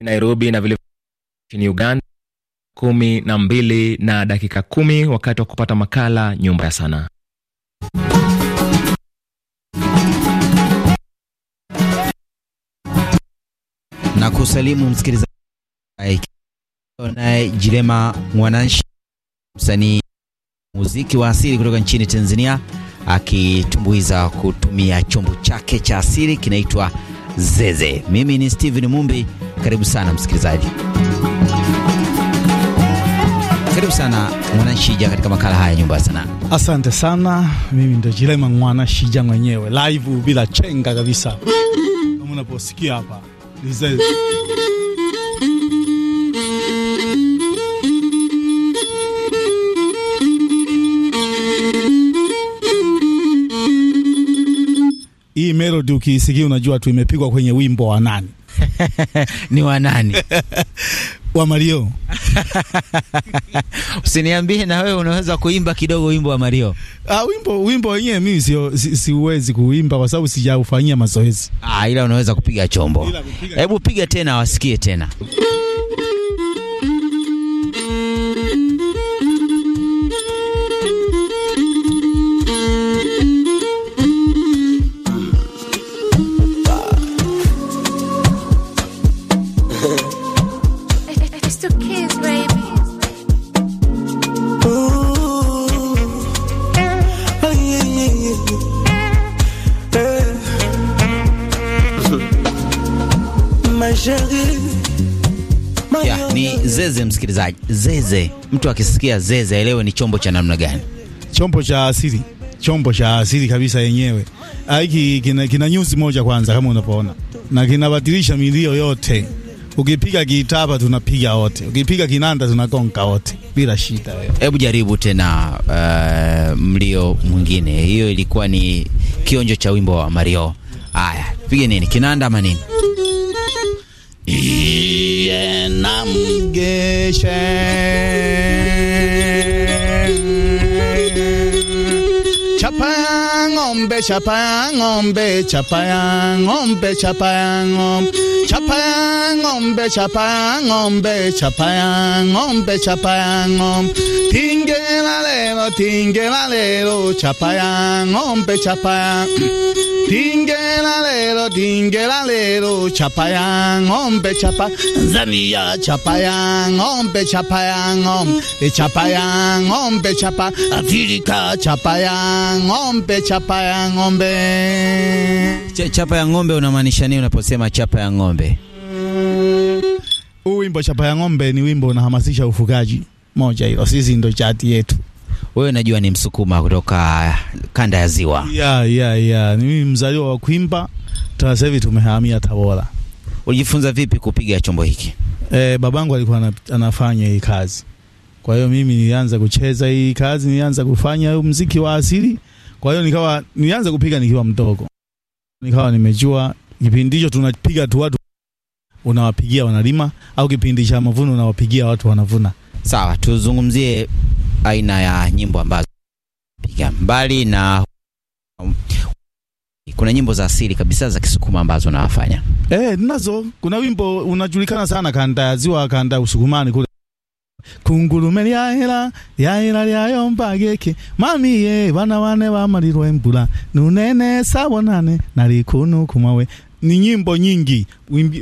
Nairobi na vile nchini Uganda kumi na mbili na dakika kumi wakati wa kupata makala nyumba ya sanaa. Na kusalimu msikilizaji naye Jilema Mwananchi, msanii muziki wa asili kutoka nchini Tanzania, akitumbuiza kutumia chombo chake cha asili kinaitwa zeze. Mimi ni Steven Mumbi, karibu sana msikilizaji, karibu sana Mwanashija katika makala haya nyumba ya sanaa. Asante sana, mimi ndo Jilema Mwanashija mwenyewe live bila chenga kabisa, kama unaposikia hapa ni zeze hii melody ukiisikia unajua tu imepigwa kwenye wimbo wa nani? ni wa nani? wa Mario. Usiniambie na wewe unaweza kuimba kidogo wimbo wa Mario. Ah, wimbo wimbo wenyewe mimi sio si, kuimba kwa sababu sijaufanyia mazoezi. Ah, ila unaweza kupiga chombo. Hebu piga tena wasikie tena. msikilizaji, zeze, mtu akisikia zeze aelewe ni chombo cha namna gani? Chombo cha asili, chombo cha asili kabisa yenyewe. Ah, hiki kina, kina nyuzi moja kwanza, kama unapoona, na kinabadilisha milio yote. Ukipiga kitapa tunapiga wote, ukipiga kinanda tunakonka wote bila shida. Wewe hebu jaribu tena uh, mlio mwingine. Hiyo ilikuwa ni kionjo cha wimbo wa Mario. Aya, pige nini, kinanda ama nini? Ienam geshen. ombe chapayang ombe chapayang ombe chapa, om chapayang ombe chapayang ombe chapayang ombe chapa, om tinge valero tinge valero chapa, ombe chapayang tinge valero tinge valero chapayang ombe chapa zania chapayang ombe chapa, om chapa. ombe chapa afirika chapayang ombe chapa chapa ya ng'ombe. Ch chapa ya ng'ombe unamaanisha nini unaposema chapa ya ng'ombe? Huu wimbo chapa ya ng'ombe ni wimbo unahamasisha ufugaji. Moja hilo, sisi ndo chati yetu. Wewe najua ni Msukuma kutoka kanda ya Ziwa. Yeah, yeah, yeah. Mimi mzaliwa wa Kwimba, sasa hivi tumehamia Tabora. Ulijifunza vipi kupiga chombo hiki? E, babangu alikuwa anafanya hii kazi, kwa hiyo mimi nilianza kucheza hii kazi, nilianza kufanya muziki wa asili. Kwa hiyo nikawa nianze kupiga nikiwa mdogo, nikawa nimejua kipindi hicho tunapiga tu watu unawapigia wanalima, au kipindi cha mavuno unawapigia watu wanavuna. Sawa, tuzungumzie aina ya nyimbo ambazo piga mbali na kuna nyimbo za asili kabisa za Kisukuma ambazo nawafanya eh, nazo kuna wimbo unajulikana sana kanda ya Ziwa, kanda ya Usukumani kule Kungurume lyahera lyahera lyayomba geke mamiye vana vane vamalirwe mbula nunene sabonane nali kunu kumawe. Ni nyimbo nyingi.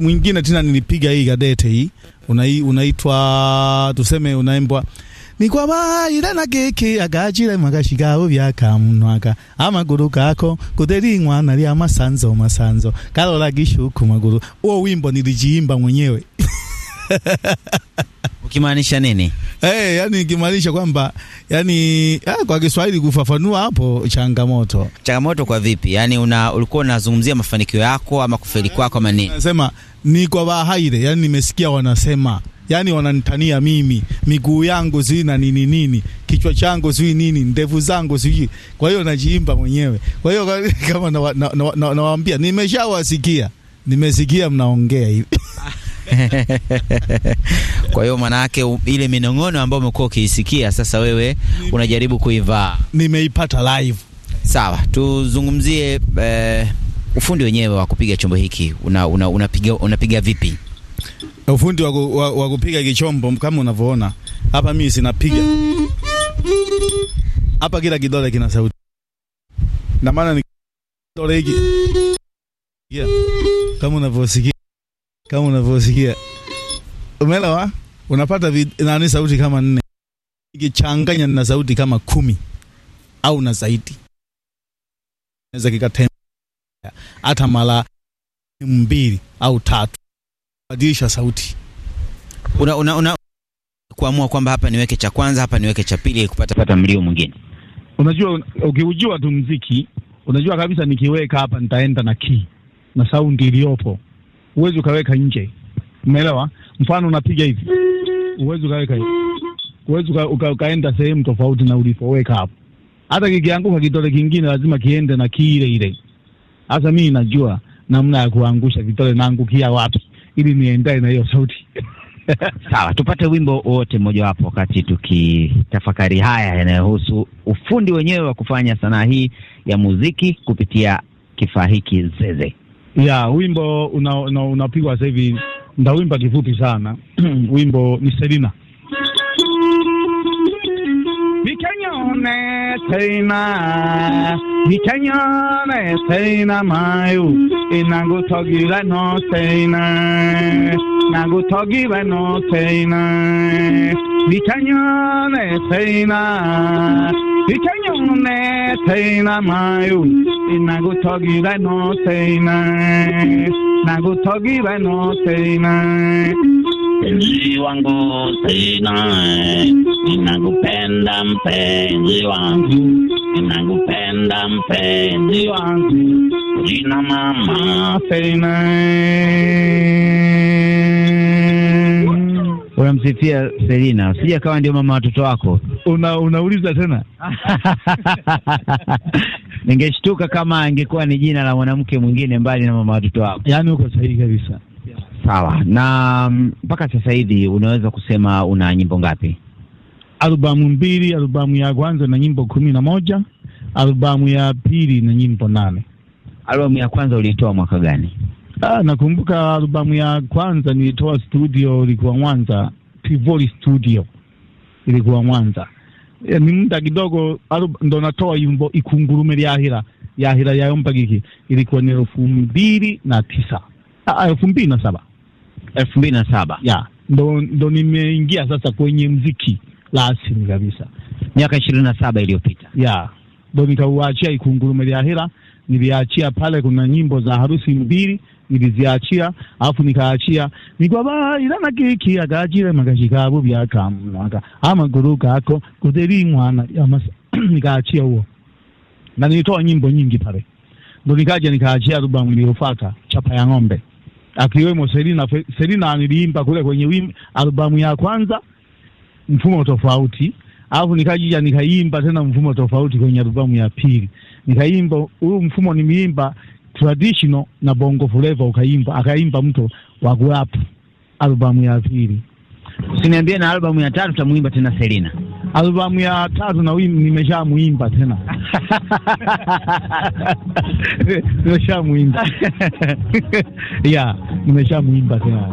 Mwingine tena nilipiga hii Gadete hii unai, unaitwa tuseme unaimbwa nikwavailana geke agacile magashigawo vyakamunwaka amagulu kako kudelin'wana lya masanzo masanzo kalola gishuku magulu. Uwo wimbo nilijiimba mwenyewe ukimaanisha nini? Hey, eh, yani ikimaanisha kwamba yani ya, ah, kwa Kiswahili kufafanua hapo changamoto. Changamoto kwa vipi? Yani una ulikuwa unazungumzia mafanikio yako ama kufeli eh, kwako ama nini? Nasema ni kwa bahaire, yani nimesikia wanasema yani wananitania mimi, miguu yangu sijui na nini nini, kichwa changu sijui nini, ndevu zangu sijui. Kwa hiyo najiimba mwenyewe. Kwa hiyo kama nawaambia, na, na, na, na, na, nimeshawasikia, nimesikia mnaongea hivi Kwa hiyo manake ile minong'ono ambayo umekuwa ukiisikia sasa wewe unajaribu kuivaa. Nimeipata live. Sawa, tuzungumzie eh, ufundi wenyewe wa kupiga chombo hiki una, una, unapiga, unapiga vipi? Ufundi wa, wa, wa kupiga kichombo kama unavyoona hapa, mimi sinapiga hapa, kila kidole kina sauti, na maana ni kidole hiki yeah, kama unavyosikia kama unavyosikia, umeelewa? Unapata nani sauti kama nne ikichanganya na sauti kama kumi au na zaidi, naweza kikatembea hata mara mbili au tatu, badilisha sauti una, una, una kuamua kwamba hapa niweke cha kwanza, hapa niweke cha pili, kupata pata mlio mwingine. Unajua, ukiujua tu mziki unajua kabisa nikiweka hapa nitaenda na kii na saundi iliyopo huwezi ukaweka nje, umeelewa? Mfano unapiga hivi, huwezi ukaweka hivi, huwezi uka, ukaenda sehemu tofauti na ulipoweka hapo. Hata kikianguka kitole kingine lazima kiende na kiile ile. Sasa mimi najua namna ya kuangusha vitole, naangukia wapi ili niendae na hiyo sauti. Sawa, tupate wimbo wote mmojawapo, wakati tukitafakari haya yanayohusu ufundi wenyewe wa kufanya sanaa hii ya muziki kupitia kifaa hiki zeze ya wimbo unapigwa una, sasa hivi ndawimba kifupi sana wimbo ni Selina Nikanyone Selina Nikanyone Selina mayu inagutogira no Selina no Selina Nikanyone Selina ねせいなまゆなぐとぎらのせいななぐとぎらのせいな p e n j i w a n k t sinai Inangku pendam penjiwanku Inangku pendam penjiwanku Rina mama sinai unamsifia Selina, sija kawa ndio mama watoto wako. Una, unauliza tena ningeshtuka kama angekuwa ni jina la mwanamke mwingine mbali na mama watoto wako. Yaani uko sahihi kabisa. Sawa. Na mm, mpaka sasa hivi unaweza kusema una nyimbo ngapi? Albamu mbili. Albamu ya kwanza na nyimbo kumi na moja, albamu ya pili na nyimbo nane. Albamu ya kwanza uliitoa mwaka gani? Ah, nakumbuka albamu ya kwanza nilitoa studio ilikuwa Mwanza, Tivoli Studio ilikuwa Mwanza. E, ni muda kidogo ndo natoa yimbo ikungurume lyahira yahira yayombagiki ilikuwa ni elfu mbili na tisa ah, ah, elfu mbili na saba elfu mbili na saba ya ndo, ndo nimeingia sasa kwenye mziki rasmi kabisa miaka ishirini na saba iliyopita ya ndo nikauachia ikungurume lyahira niliachia pale, kuna nyimbo za harusi mbili niliziachia, alafu nikaachia nigwaba na kiki akachire magashikabu byakamwaka amaguru ah, kako kuteli mwana amasa nikaachia huo, na nilitoa nyimbo nyingi pale, ndo nikaja nikaachia albamu iliyofuata chapa ya ng'ombe, akiwemo Selina. Selina niliimba kule kwenye wimbi albamu ya kwanza mfumo tofauti, alafu nikajija nikaimba tena mfumo tofauti kwenye albamu ya pili nikaimba huyu mfumo, nimeimba traditional na bongo flava, ukaimba akaimba mtu wa rap albamu ya pili. Usiniambie na albamu ya tatu tamuimba tena Selina. Albamu ya tatu na wimbo nimesha muimba tena nimesha muimba ya nimesha muimba tena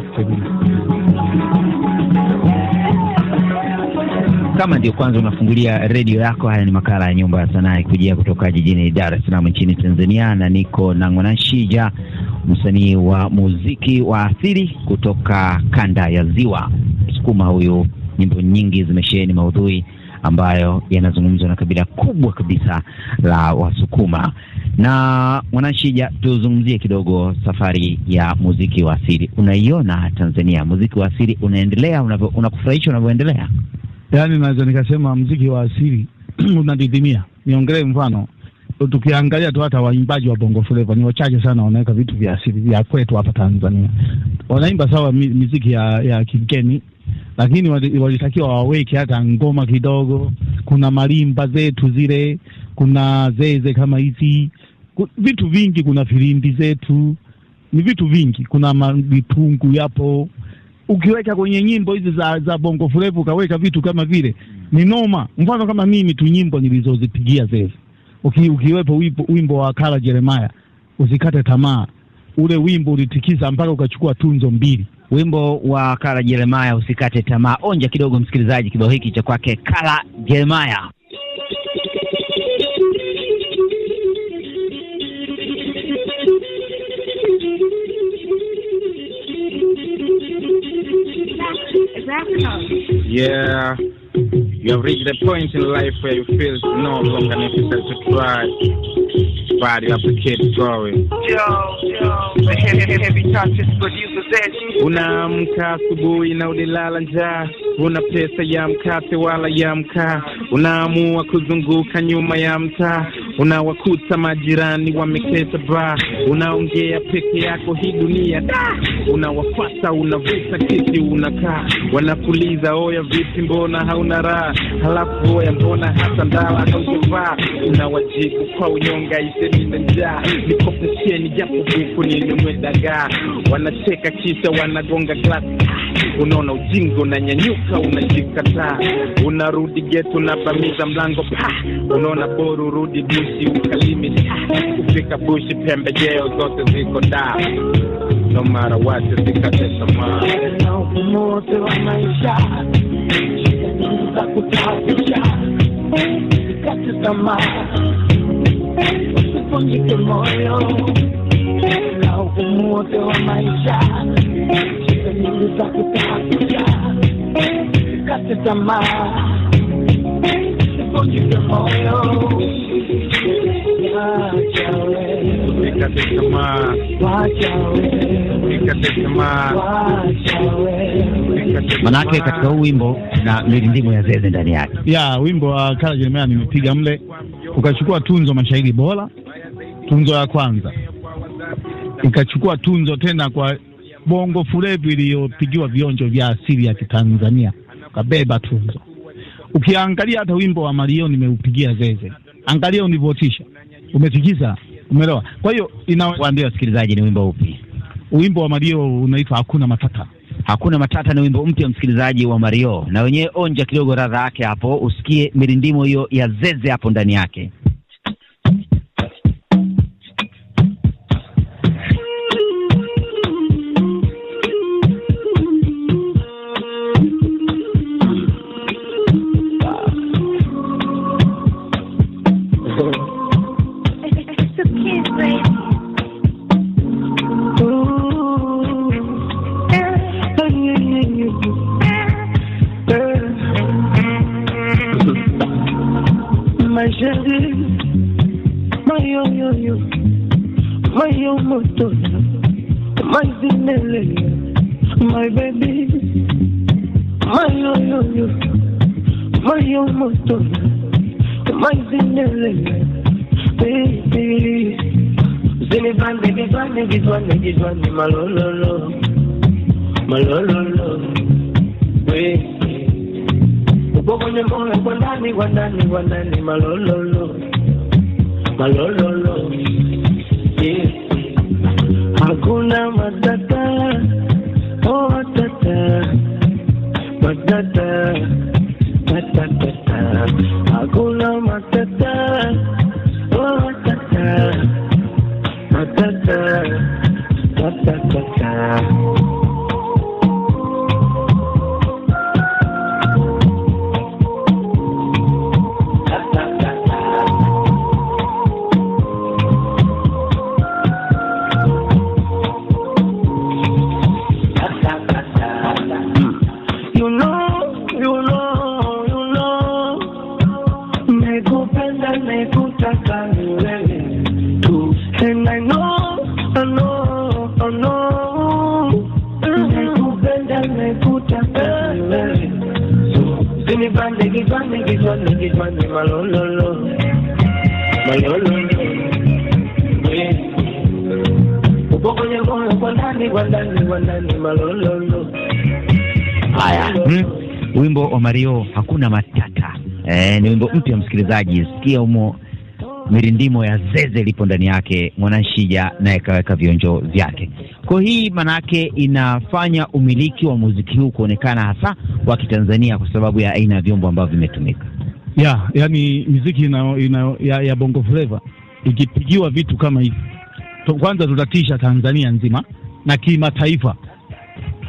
kama ndio kwanza unafungulia redio yako, haya ni makala ya Nyumba ya Sanaa ikujia kutoka jijini Dar es Salaam nchini Tanzania, na niko na Ng'onashija, msanii wa muziki wa asili kutoka kanda ya Ziwa. Msukuma huyu, nyimbo nyingi zimesheheni maudhui ambayo yanazungumzwa na kabila kubwa kabisa la Wasukuma. Na Mwanashija, tuzungumzie kidogo safari ya muziki wa asili. Unaiona Tanzania muziki wa asili unaendelea, unakufurahisha unavyoendelea? yaani naweza nikasema mziki wa asili unadidimia. Niongelee mfano, tukiangalia tu hata waimbaji wa Bongo fleva ni wachache sana wanaweka vitu vya asili vya kwetu hapa Tanzania. Wanaimba sawa miziki ya, ya kigeni, lakini walitakiwa waweke hata ngoma kidogo. Kuna marimba zetu zile, kuna zeze kama hizi, vitu vingi, kuna filimbi zetu, ni vitu vingi, kuna mavitungu yapo ukiweka kwenye nyimbo hizi za za bongo flava ukaweka vitu kama vile ni noma. Mfano kama mimi tu nyimbo nilizozipigia zile, uki, ukiwepo wimbo, wimbo wa Kala jeremaya usikate tamaa, ule wimbo ulitikisa mpaka ukachukua tunzo mbili. Wimbo wa Kala jeremaya usikate tamaa. Onja kidogo, msikilizaji, kibao hiki cha kwake Kala jeremaya Yeah, you have reached a point in life where you feel it's no longer necessary to try, but you have to keep going. Unaamka asubuhi na ulilala njaa, una pesa ya mkate wala ya mkaa, unaamua kuzunguka nyuma ya mtaa unawakuta majirani wameketa baa, unaongea peke yako hii dunia, unawafata unavuta kiti unakaa, wanakuliza oya, vipi, mbona hauna raha? Halafu oya, mbona hata ndawa haujavaa? Unawajibu kwa unyonga, isemina njaa nikopesheni japo buku nilimwe dagaa. Wanacheka kisha wanagonga glasi Unaona ujinga unanyanyuka, unajikataa, unarudi geto, unabamiza mlango pa, unaona boru rudi busi ukalimi kufika bushi, pembejeo zote ziko da nomara wate zikate tamaa umote wa maisha tamaa moyo na wa maisha sehemu kutafuta, tamaa, manake katika huu wimbo na mirindimo ya zeze ndani yake ya wimbo wa Kala jeremea Nimepiga mle ukachukua tunzo mashairi bora, tunzo ya kwanza ikachukua tunzo tena kwa bongo flevo iliyopigiwa vionjo vya asili ya Kitanzania, ukabeba tuzo. Ukiangalia hata wimbo wa Mario nimeupigia zeze, angalia univotisha, umetikiza, umeelewa? Kwa hiyo inawaambia wasikilizaji ni wimbo upi? Wimbo wa Mario unaitwa hakuna matata. Hakuna matata ni wimbo mpya, msikilizaji wa Mario, na wenyewe onja kidogo radha yake hapo, usikie mirindimo hiyo ya zeze hapo ndani yake. rising early, baby. Baby van, baby van, baby van, baby van, my lo lo my lo lo baby. Ubogo nyamo wandani wandani wandani my lo lo lo, my lo lo lo, yeah. Hakuna matata, oh matata, matata, matata. la Haya, malolo hmm? wimbo wa Mario hakuna matata. e, ni wimbo mpya msikilizaji, sikia humo mirindimo ya zeze lipo ndani yake. Mwananshija naye kaweka vionjo vyake. Kwa hii manake inafanya umiliki wa muziki huu kuonekana hasa wa Kitanzania kwa sababu ya aina ya vyombo ambavyo vimetumika yeah, yani miziki ina, ina, ya, ya bongo flava ikipigiwa vitu kama hivi, kwanza tutatisha Tanzania nzima na kimataifa,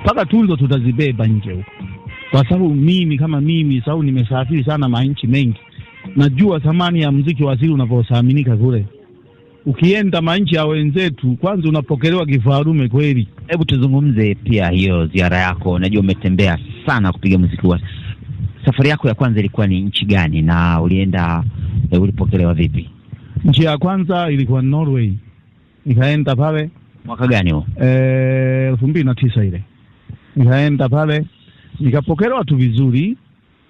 mpaka tunzo tutazibeba nje huko, kwa sababu mimi kama mimi sababu nimesafiri sana manchi mengi, najua thamani ya mziki wa asili unavyosaminika kule. Ukienda manchi ya wenzetu, kwanza unapokelewa kifaarume kweli. Hebu tuzungumze pia hiyo ziara yako, najua umetembea sana kupiga mziki wa Safari yako ya kwanza ilikuwa ni nchi gani na ulienda e, ulipokelewa vipi? Nchi ya kwanza ilikuwa Norway, nikaenda pale mwaka gani huo? Eh, elfu mbili na tisa ile nikaenda pale nikapokelewa tu vizuri,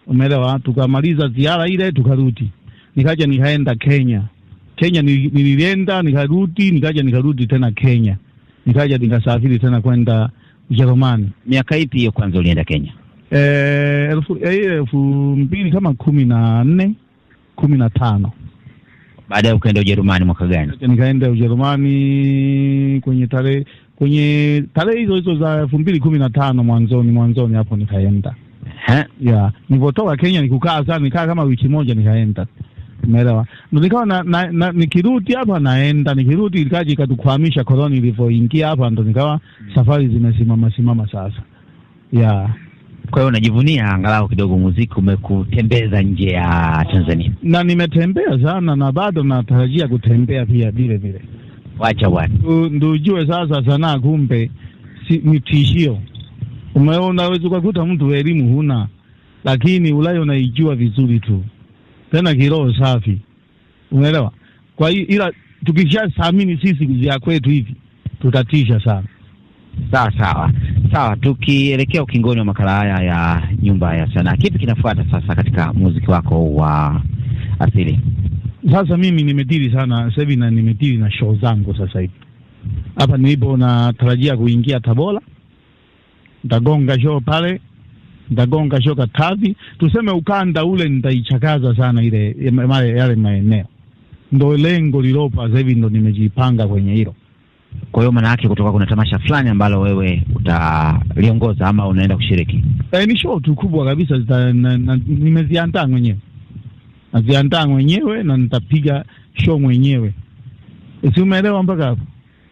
umeelewa. Tukamaliza ziara ile tukarudi, nikaja nikaenda Kenya. Kenya nilienda nikarudi, nikaja nikarudi tena Kenya, nikaja nikasafiri tena kwenda Ujerumani. Miaka ipi hiyo kwanza ulienda Kenya? eh, elfu eh, elfu mbili kama kumi na nne kumi na tano ya ukaenda Ujerumani mwaka gani? Nikaenda Ujerumani kwenye tarehe kwenye tarehe hizo hizo za elfu mbili kumi na tano mwanzoni mwanzoni hapo nikaenda ya Nilipotoka Kenya nikukaa sana, nikaa kama wiki moja nikaenda Umeelewa? nikawa na, na, na, nikirudi hapa naenda, nikirudi ikaji ikatukwamisha koloni ilivyoingia hapa, ndo nikawa safari zimesimama simama sasa yeah. Kwa hiyo unajivunia angalau kidogo muziki umekutembeza nje ya Tanzania, na nimetembea sana na bado natarajia kutembea pia vile vile. Wacha bwana, ndujue sasa sanaa kumbe si ni tishio. Unaweza ukakuta mtu elimu huna, lakini ulayo unaijua vizuri tu, tena kiroho safi, umeelewa? Kwa hiyo ila tukishathamini sisi vya kwetu hivi tutatisha sana. Sawa sawa sawa, tukielekea ukingoni wa makala haya ya nyumba ya sanaa, kipi kinafuata sasa katika muziki wako wa asili? Sasa mimi nimedili sana sasa hivi na nimedili na show zangu sasa hivi hapa nilipo, natarajia kuingia Tabora, ndagonga show pale, ndagonga show Katavi, tuseme ukanda ule nitaichakaza sana ile yale maeneo, ndo lengo lilopo sasa hivi, ndo nimejipanga kwenye hilo. Kwa hiyo maana yake kutoka kuna tamasha fulani ambalo wewe utaliongoza ama unaenda kushiriki? E, ni show tu kubwa kabisa, nimeziandaa mwenyewe, naziandaa mwenyewe na nitapiga show mwenyewe, eh, si umeelewa mpaka hapo?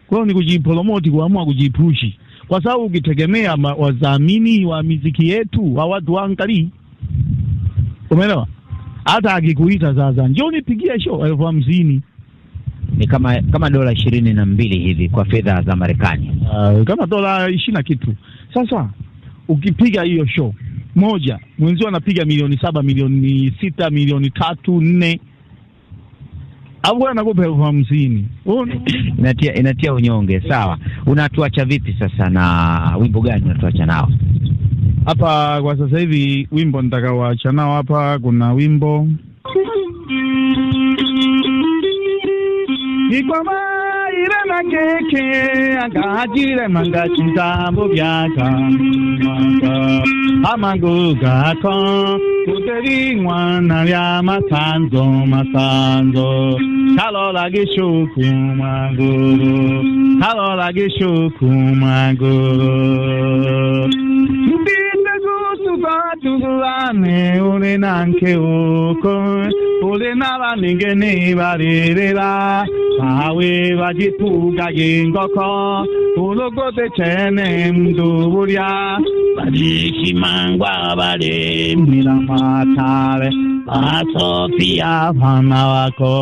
Kwa hiyo ni kujipromoti, kuamua kujipushi, kwa sababu ukitegemea wadhamini wa miziki yetu wa watu wangalii, umeelewa? Hata akikuita sasa, njoo nipigie show elfu hamsini ni kama kama dola ishirini na mbili hivi kwa fedha za Marekani, uh, kama dola ishirini na kitu. Sasa ukipiga hiyo show moja, mwenzio anapiga milioni saba, milioni sita, milioni tatu nne au anakupa elfu hamsini inatia inatia unyonge. Sawa, unatuacha vipi sasa, na wimbo gani unatuacha nao hapa kwa sasa hivi? Wimbo nitakaoacha nao hapa, kuna wimbo Ikoma ire makeke aga ajire manga chinta bobiaka manga amango gako kuteri nwana ya matanzo matanzo kalola gishoku magoro kalola gishoku magoro. ndurane uri nanke uko uri n'abaninge ntibarerera bawe bagitugaye ingoko urugode cene mduburya barishimangwa baremera amatare ba sofiya fana wako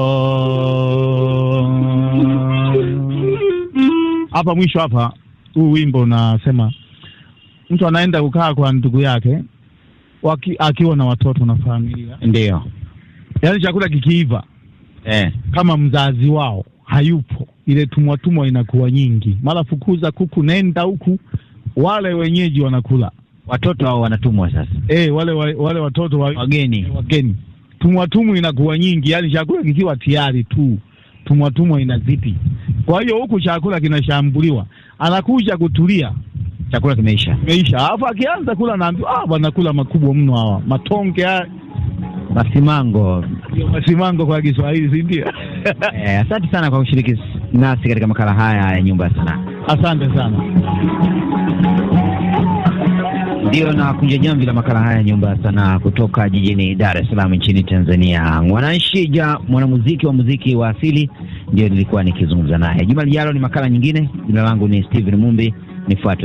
apa mwisho apa uwimbo wimbo unasema mtu anaenda kukaa kwa ndugu yake waki, akiwa na watoto na familia, ndio yaani chakula kikiiva eh, kama mzazi wao hayupo, ile tumwatumwa inakuwa nyingi, mara fukuza kuku, nenda huku, wale wenyeji wanakula watoto hao wanatumwa sasa. Eh, wale wale watoto wa, wageni eh, wageni, tumwatumwa inakuwa nyingi, yaani chakula kikiwa tayari tu tumwatumwa inazidi. Kwa hiyo huku chakula kinashambuliwa, anakuja kutulia chakula kimeisha, kimeisha. Alafu akianza kula naambiwa, ah, bwana kula makubwa mno hawa matonge haya masimango, masimango kwa Kiswahili, si ndio? Eh, asante sana kwa kushiriki nasi katika makala haya ya Nyumba ya Sanaa. Asante sana. ndio na kunja jamvi la makala haya ya Nyumba ya Sanaa kutoka jijini Dar es Salaam nchini Tanzania. Mwanashija, mwanamuziki wa muziki wa asili, ndio nilikuwa nikizungumza naye. Juma lijalo ni makala nyingine. Jina langu ni Steven Mumbi, nifuate.